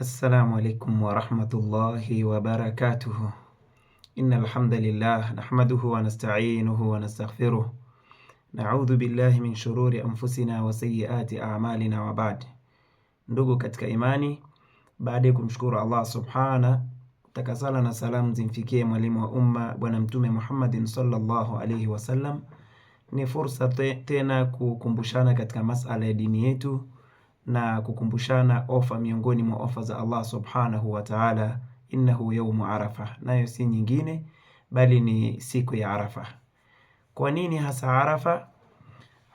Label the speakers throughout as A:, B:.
A: Assalamu alaikum warahmatullahi wabarakatuhu. Inna alhamdulillah nahmaduhu wa nasta'inuhu wa nastaghfiruh. Na'udhu billahi min shururi anfusina wa sayyiati a'malina wa ba'd. Ndugu katika imani, baada ya kumshukuru Allah subhana, takasala na salamu zimfikie mwalimu wa umma Bwana Mtume Muhammadin sallallahu alayhi wasallam, ni fursa tena kukumbushana katika masala ya dini yetu na kukumbushana ofa miongoni mwa ofa za Allah subhanahu wa ta'ala, innahu yaumu Arafa, nayo si nyingine bali ni siku ya Arafa. Kwa nini hasa Arafa?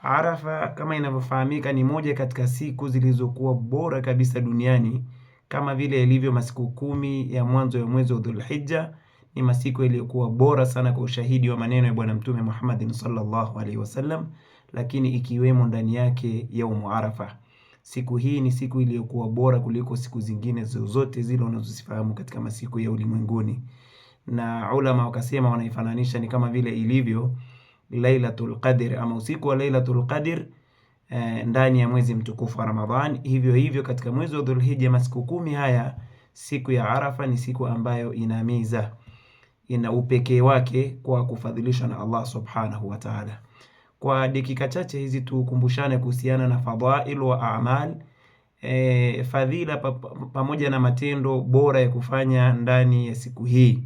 A: Arafa kama inavyofahamika ni moja katika siku zilizokuwa bora kabisa duniani kama vile ilivyo masiku kumi ya mwanzo ya mwezi wa Dhulhijja ni masiku yaliyokuwa bora sana kwa ushahidi wa maneno ya Bwana Mtume Muhammad sallallahu alaihi wasallam, lakini ikiwemo ndani yake yaumu Arafa. Siku hii ni siku iliyokuwa bora kuliko siku zingine zozote zile unazozifahamu katika masiku ya ulimwenguni. Na ulama wakasema wanaifananisha ni kama vile ilivyo Lailatul Qadr ama usiku wa Lailatul Qadr eh, ndani ya mwezi mtukufu wa Ramadhan. Hivyo hivyo katika mwezi wa Dhulhijja, masiku kumi haya, siku ya Arafa ni siku ambayo inamiza ina upekee wake kwa kufadhilishwa na Allah Subhanahu wa Ta'ala. Kwa dakika chache hizi tukumbushane kuhusiana na fadhail wa a'mal e, fadhila pamoja na matendo bora ya kufanya ndani ya siku hii.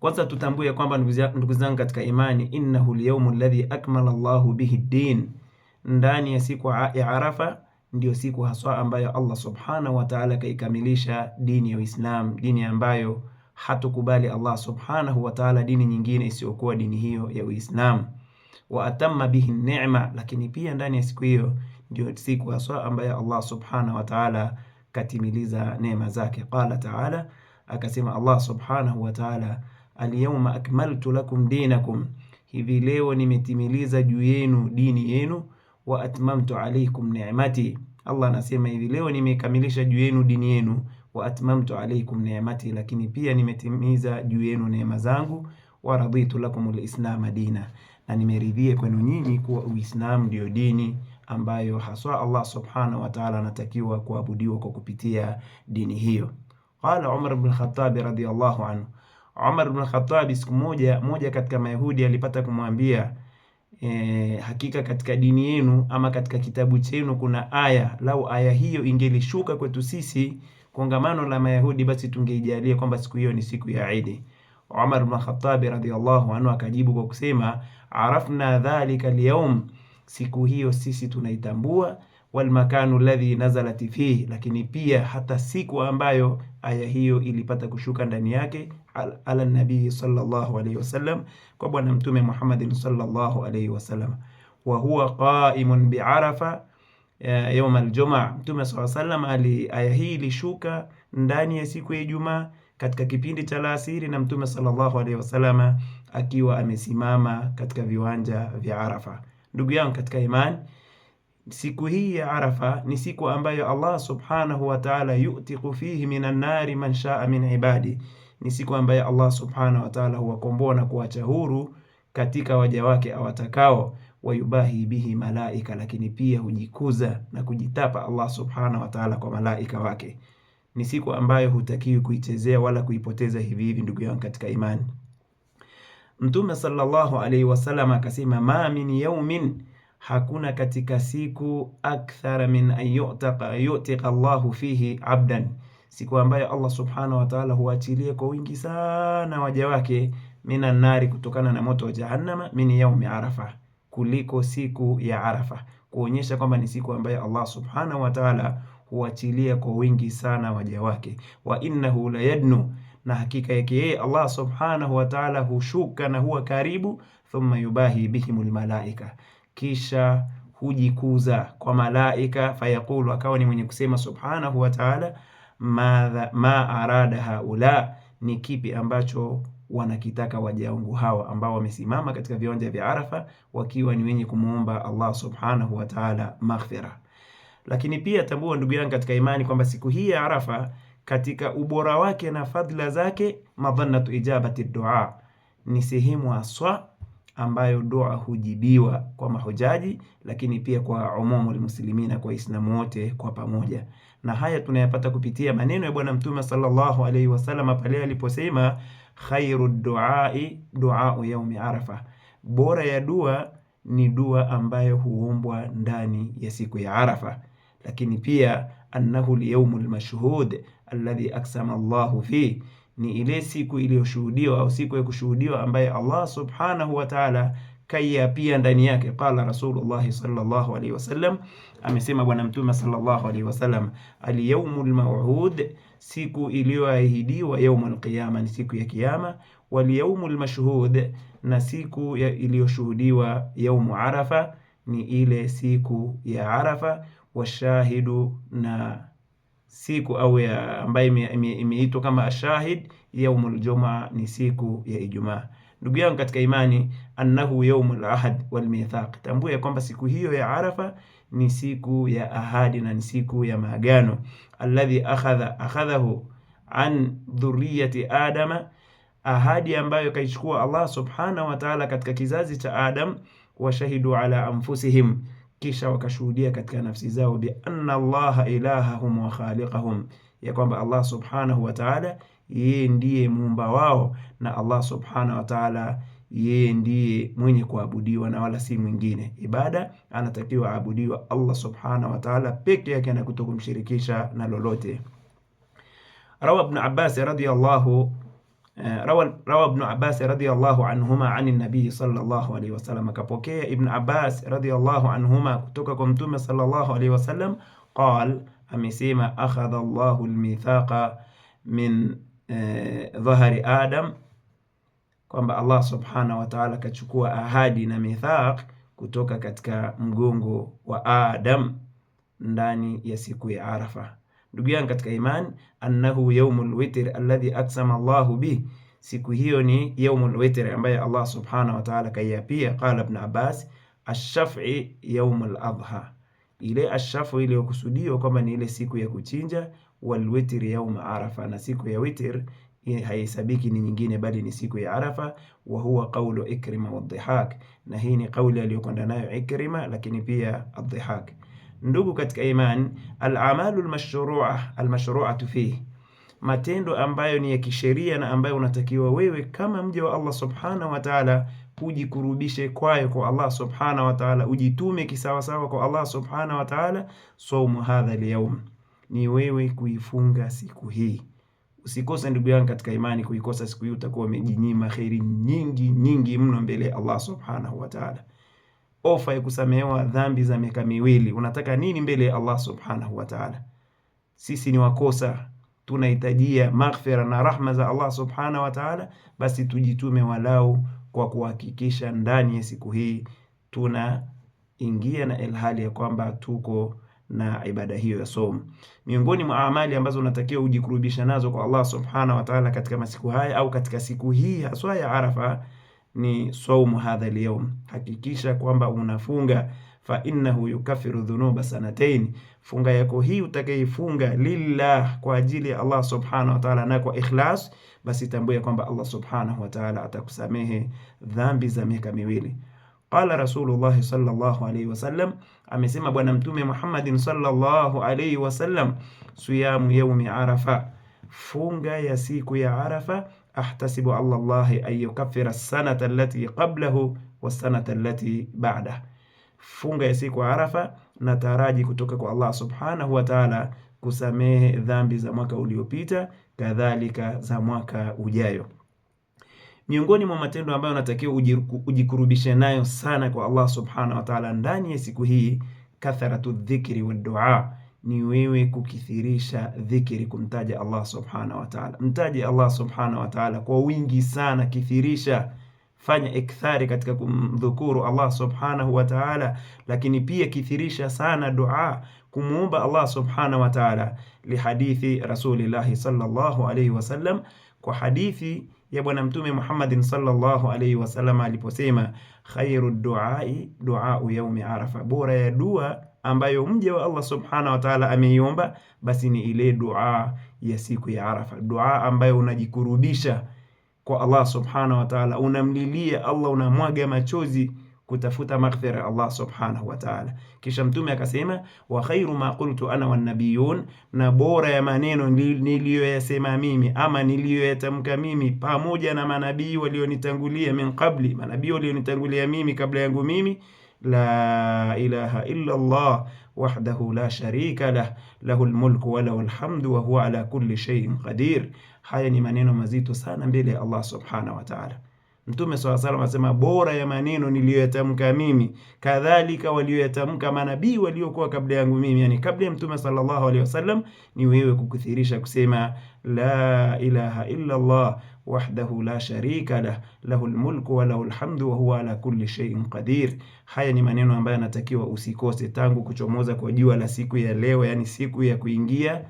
A: Kwanza tutambue kwamba ndugu zangu katika imani, innahu lyaumu alladhi akmala Allahu bihi din ndani ya siku ya Arafa ndio siku haswa ambayo Allah subhanahu wa ta'ala kaikamilisha dini ya Uislamu, dini ambayo hatukubali Allah subhanahu wa ta'ala dini nyingine isiyokuwa dini hiyo ya Uislamu wa atamma bihi ni'ma, lakini pia ndani ya siku hiyo ndio siku haswa ambayo Allah subhanahu wa ta'ala katimiliza neema zake. Qala ta'ala, akasema Allah subhanahu wa ta'ala, alyawma akmaltu lakum dinakum, hivi leo nimetimiliza juu yenu dini yenu. Wa atmamtu alaykum ni'mati, Allah anasema hivi leo nimekamilisha juu yenu dini yenu. Wa atmamtu alaykum ni'mati, lakini pia nimetimiza juu yenu neema zangu. Wa raditu lakum lislama dina na nimeridhie kwenu nyinyi kuwa Uislamu ndio dini ambayo haswa Allah subhanahu wa ta'ala anatakiwa kuabudiwa kwa kupitia dini hiyo. Qala Umar ibn Khattab radhiyallahu anhu, Umar ibn Khattab siku moja moja katika Mayahudi alipata kumwambia e, hakika katika dini yenu ama katika kitabu chenu kuna aya, lau aya hiyo ingelishuka kwetu sisi kongamano la Mayahudi, basi tungeijalia kwamba siku hiyo ni siku ya Idi. Umar ibn Khattab radhiyallahu anhu akajibu kwa kusema arafna dhalika alyawm, siku hiyo sisi tunaitambua. Walmakanu ladhi nazalat fihi, lakini pia hata siku ambayo aya hiyo ilipata kushuka ndani yake, ala nabii sallallahu alayhi wasallam, kwa Bwana Mtume Muhammadin sallallahu alayhi wasallam. Wa huwa qaimun bi arafa eh, yaum aljumaa, Mtume sallallahu alayhi wasallam, aya hii ilishuka ndani ya siku ya Ijumaa katika kipindi cha alasiri, na Mtume sallallahu alayhi wasallam akiwa amesimama katika viwanja vya Arafa. Ndugu yangu katika imani, siku hii ya Arafa ni siku ambayo Allah subhanahu wa ta'ala yutiqu fihi minan nari man shaa min ibadi, ni siku ambayo Allah subhanahu wa ta'ala huwakomboa na kuwacha huru katika waja wake awatakao wayubahi bihi malaika, lakini pia hujikuza na kujitapa Allah subhanahu wa ta'ala kwa malaika wake. Ni siku ambayo hutakiwi kuichezea wala kuipoteza hivi hivi, ndugu yangu katika imani. Mtume sallallahu alaihi wasallam akasema, ma min yaumin, hakuna katika siku, akthara min an yutika Allahu fihi abdan, siku ambayo Allah subhanahu wa ta'ala huachilie kwa wingi sana waja wake minan nari, kutokana na moto wa jahannama, min yaumi arafa, kuliko siku ya Arafa, kuonyesha kwamba ni siku ambayo Allah subhanahu wa ta'ala huachilia kwa wingi sana waja wake. wa innahu layadnu na hakika yake yeye Allah subhanahu wa ta'ala hushuka na huwa karibu, thumma yubahi bihimul malaika, kisha hujikuza kwa malaika, fayaqulu, akawa ni mwenye kusema subhanahu wa ta'ala, ma, ma arada haula, ni kipi ambacho wanakitaka waja wangu hawa ambao wamesimama katika viwanja vya Arafa wakiwa ni wenye kumuomba Allah subhanahu wa ta'ala maghfira. Lakini pia tambua ndugu yangu katika imani kwamba siku hii ya Arafa katika ubora wake na fadhila zake, madhannatu ijabati dua ni sehemu haswa ambayo dua hujibiwa kwa mahujaji, lakini pia kwa umumu almuslimina kwa Waislamu wote kwa pamoja. Na haya tunayapata kupitia maneno ya Bwana Mtume sallallahu alaihi wasallam pale aliposema, khairu duai duau yaumi Arafa, bora ya dua ni dua ambayo huombwa ndani ya siku ya Arafa. Lakini pia annahu lyaumul mashhud alladhi aksama Allahu fi, ni ile siku iliyoshuhudiwa au siku ya kushuhudiwa ambaye Allah subhanahu wa ta'ala kaiapia ndani yake. Qala Rasulullah sallallahu alaihi wasallam, amesema Bwana Mtume sallallahu alaihi wasallam, alyaumul maw'ud, siku iliyoahidiwa. Yaumul qiyama, ni siku ya Kiyama. Walyaumul mashhud, na siku iliyoshuhudiwa. Yaumu Arafa, ni ile siku ya Arafa. Washahidu na siku au ya ambayo imeitwa kama ashahid yaumul juma ni siku ya Ijumaa. Ndugu yangu katika imani, annahu yaumul ahad wal mithaq, tambua ya kwamba siku hiyo ya Arafa ni siku ya ahadi na ni siku ya maagano. Alladhi akhadha akhadhahu an dhurriyati adama, ahadi ambayo kaichukua Allah subhanahu wa ta'ala katika kizazi cha Adam. Washahidu ala anfusihim kisha wakashuhudia katika nafsi zao bi anna Allaha ilahahum wa khaliqahum, ya kwamba Allah subhanahu wa ta'ala yeye ndiye muumba wao na Allah subhanahu wa ta'ala yeye ndiye mwenye kuabudiwa na wala si mwingine. Ibada anatakiwa aabudiwa Allah subhanahu wa ta'ala peke yake na kutokumshirikisha na lolote. Rawa Ibn Abbas radiyallahu Eh, rawa, rawa Ibn Abbas radhiyallahu anhuma ani nabii sallallahu alaihi wasallam, akapokea Ibn Abbas radhiyallahu anhuma kutoka kwa mtume sallallahu alaihi wasallam qal, amesema akhadha Allahu almithaqa min eh, dhahari Adam, kwamba Allah subhanahu wa ta'ala akachukua ahadi na mithaq kutoka katika mgongo wa Adam ndani ya siku ya Arafa. Ndugu yangu katika imani, annahu yaumul witr alladhi aksama Allahu bih, siku hiyo ni yaumul witr ambaye Allah subhanahu wa ta'ala kaiapia. Qala Ibn Abbas ash-shaf'i yaumul adha, ile ash-shaf'u iliyokusudiwa kwamba ni ile siku ya kuchinja, wal witr yaum arafa, na siku ya witr haihesabiki ni nyingine bali ni siku ya Arafa. Wa huwa qawlu Ikrima wa Dhihak, na hii ni kauli aliyokwenda nayo Ikrima, lakini pia Adhihak. Ndugu katika imani, al-amalu al-mashru'a al-mashru'atu fihi, matendo ambayo ni ya kisheria na ambayo unatakiwa wewe kama mja wa Allah subhanahu wa ta'ala ujikurubishe kwayo kwa Allah subhanahu wa ta'ala, ujitume kisawasawa kwa Allah subhanahu wa ta'ala. Saumu hadha al-yawm, ni wewe kuifunga siku hii. Usikose ndugu yangu katika imani kuikosa siku hii, utakuwa umejinyima khairi nyingi nyingi mno mbele ya Allah subhanahu wa ta'ala ofa ya kusamehewa dhambi za miaka miwili. Unataka nini mbele ya Allah subhanahu wa ta'ala? Sisi ni wakosa, tunahitajia maghfira na rahma za Allah subhanahu wa ta'ala. Basi tujitume walau kwa kuhakikisha ndani ya siku hii tunaingia na ilhali ya kwamba tuko na ibada hiyo ya somo. Miongoni mwa amali ambazo unatakiwa ujikurubisha nazo kwa Allah subhanahu wa ta'ala katika masiku haya au katika siku hii haswa ya Arafa ni saumu hadha lyaum hakikisha kwamba unafunga fa innahu yukaffiru dhunuba sanatain, funga yako hii utakayoifunga lillah, kwa ajili ya Allah subhanahu wa ta'ala, na kwa ikhlas, basi tambue kwamba Allah subhanahu wa ta'ala atakusamehe dhambi za miaka miwili. Qala Rasulullah sallallahu alayhi wasallam, amesema Bwana Mtume Muhammadin sallallahu alayhi wasallam, siyamu yaumi arafa, funga ya siku ya Arafa ahtasibu ala llahi an yukaffira sanata allati qablahu wasanata allati ba'dah, funga ya siku Arafa na taraji kutoka kwa Allah subhanahu wa ta'ala kusamehe dhambi za mwaka uliopita kadhalika za mwaka ujayo. Miongoni mwa matendo ambayo unatakiwa ujikurubishe nayo sana kwa Allah subhanahu wa ta'ala ndani ya siku hii, kathratu dhikri wa duaa ni wewe kukithirisha dhikiri kumtaja Allah subhanahu wa ta'ala. Mtaje Allah subhanahu wa ta'ala kwa wingi sana, kithirisha, fanya ikthari katika kumdhukuru Allah subhanahu wa ta'ala, lakini pia kithirisha sana dua, kumuomba Allah subhanahu wa ta'ala. hadithi rasulillahi sallallahu alayhi wasallam, kwa hadithi ya Bwana Mtume Muhammadin sallallahu alayhi wasallam aliposema, khairu duai duau yaumi arafa, bora ya dua ambayo mja wa Allah subhana wa taala ameiomba, basi ni ile dua ya siku ya Arafa, dua ambayo unajikurubisha kwa Allah subhana wa taala, unamlilia Allah, unamwaga machozi kutafuta maghfira ya Allah subhanahu wa taala. Kisha Mtume akasema wa khairu ma qultu ana nabiyun, na bora ya maneno niliyoyasema mimi ama niliyoyatamka mimi pamoja na manabii walionitangulia min qabli, manabii walionitangulia mimi kabla yangu mimi la ilaha illa Allah wahdahu la sharika lah lahu lmulku walahu lhamdu wahuwa ala kulli shaiin qadir. Haya ni maneno mazito sana mbele ya Allah subhanahu wa ta'ala. Mtume swalla salam anasema bora ya maneno niliyoyatamka mimi, kadhalika walioyatamka manabii waliokuwa kabla yangu mimi, yani kabla ya Mtume sallallahu alaihi wasallam, ni wewe kukuthirisha kusema la ilaha illa Allah wahdahu la sharika lah lahu lmulku walahu lhamdu wahuwa ala kuli sheiin qadir. Haya ni maneno ambayo anatakiwa usikose tangu kuchomoza kwa jua la siku ya leo, yani siku ya kuingia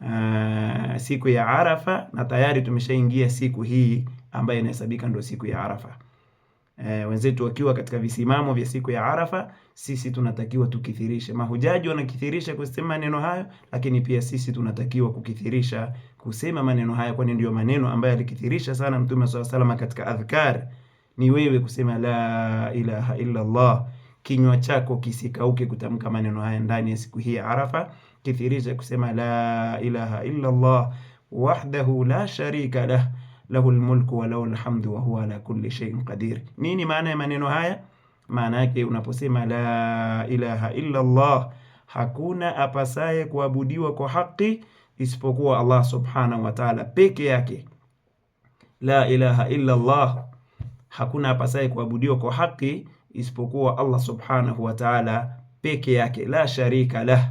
A: uh, siku ya Arafa, na tayari tumeshaingia siku hii ambayo inahesabika ndo siku ya Arafa e, wenzetu wakiwa katika visimamo vya siku ya Arafa, sisi tunatakiwa tukithirishe. Mahujaji wanakithirisha kusema maneno hayo, lakini pia sisi tunatakiwa kukithirisha kusema maneno haya, kwani ndiyo maneno ambayo alikithirisha sana Mtume swalla salama katika adhkar. Ni wewe kusema la ilaha illa Allah, kinywa chako kisikauke kutamka maneno haya ndani ya siku hii ya Arafa. Kithirisha kusema la ilaha illa Allah wahdahu la sharika lah lahu lmulku wa lahu lhamdu wa huwa ala kulli shay'in qadir. Nini maana ya maneno haya? Maana yake unaposema la ilaha illa Allah, hakuna apasaye kuabudiwa kwa haki isipokuwa Allah subhanahu wa ta'ala peke yake. La ilaha illa Allah, hakuna apasaye kuabudiwa kwa haki isipokuwa Allah subhanahu wa ta'ala peke yake, la sharika lah,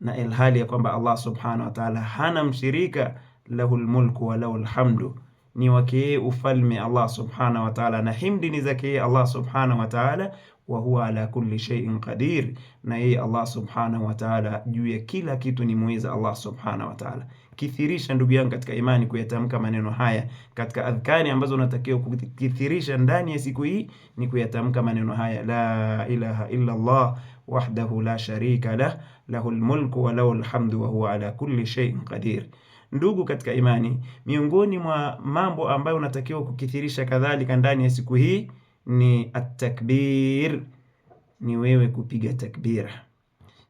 A: na ilhali ya kwamba Allah subhanahu wa ta'ala hana mshirika lahu lmulku wa lahu lhamdu, ni wake yeye ufalme Allah subhanahu wataala, na himdi ni zake yeye Allah subhanahu wataala. Wa huwa ala kulli shay'in qadir, na yeye Allah subhanahu wataala juu ya kila kitu ni muweza Allah subhanahu wataala. Kithirisha ndugu yangu katika imani kuyatamka maneno haya katika adhkari ambazo unatakiwa kukithirisha ndani ya siku hii ni kuyatamka maneno haya la ilaha illa Allah wahdahu la sharika lah lahu lmulku wa lahu lhamdu wa huwa ala kuli shay'in qadir. Ndugu katika imani, miongoni mwa mambo ambayo unatakiwa kukithirisha kadhalika ndani ya siku hii ni atakbir, ni wewe kupiga takbira.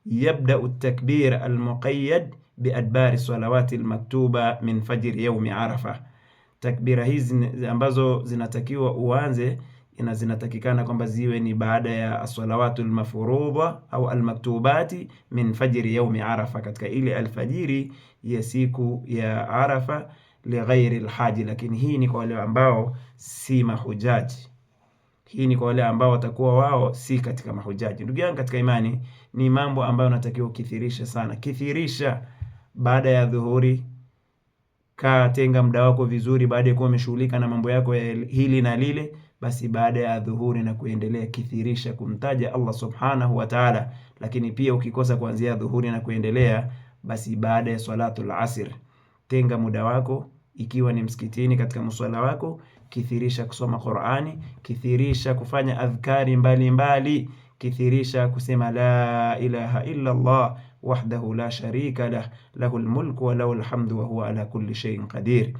A: Yabdau takbir almuqayad biadbari salawati lmaktuba min fajri yaumi Arafa. Takbira hizi ambazo zinatakiwa uanze ina zinatakikana kwamba ziwe ni baada ya salawatu lmafurudha au almaktubati min fajri yaumi Arafa, katika ile alfajiri ya siku ya Arafa lighairi lhaji. Lakini hii ni kwa wale ambao si mahujaji, hii ni kwa wale ambao watakuwa wao si katika mahujaji. Ndugu yangu katika imani, ni mambo ambayo unatakiwa ukithirisha sana. Kithirisha baada ya dhuhuri Kaa tenga muda wako vizuri, baada ya kuwa umeshughulika na mambo yako ya hili na lile basi baada ya dhuhuri na kuendelea kithirisha kumtaja Allah subhanahu wa ta'ala. Lakini pia ukikosa kuanzia dhuhuri na kuendelea, basi baada ya al asr tenga muda wako ikiwa ni msikitini katika muswala wako, kithirisha kusoma Qur'ani, kithirisha kufanya adhkari mbalimbali mbali, kithirisha kusema la ilaha illa Allah wahdahu la sharika lah lahul mulku wa lahul hamdu wa huwa ala kulli shay'in qadir.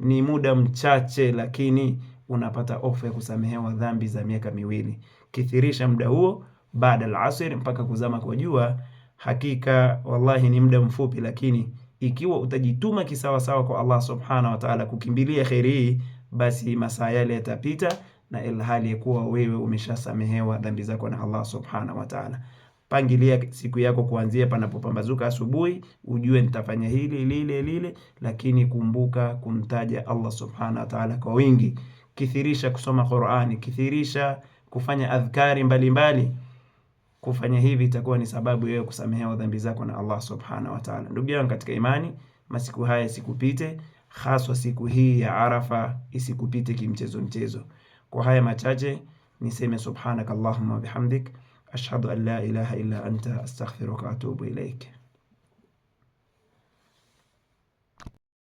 A: Ni muda mchache lakini unapata ofa ya kusamehewa dhambi za miaka miwili. Kithirisha muda huo baada al-asr mpaka kuzama kwa jua. Hakika wallahi ni muda mfupi, lakini ikiwa utajituma kisawasawa kwa Allah subhana wa ta'ala, kukimbilia kheri hii, basi masaa yale yatapita, na ilhali ya kuwa wewe umeshasamehewa dhambi zako na Allah subhana wa ta'ala. Pangilia siku yako kuanzia panapopambazuka asubuhi, ujue nitafanya hili lile lile, lakini kumbuka kumtaja Allah subhana wa ta'ala kwa wingi kithirisha kusoma Qur'ani, kithirisha kufanya adhkari mbalimbali mbali. Kufanya hivi itakuwa ni sababu yeye kusamehewa dhambi zako na Allah subhanahu wa ta'ala. Ndugu yangu katika imani, masiku haya sikupite, haswa siku hii ya Arafa isikupite kimchezo mchezo. Kwa haya machache niseme subhanakallahumma wa bihamdik ashhadu an la ilaha illa anta astaghfiruka wa atubu ilaik.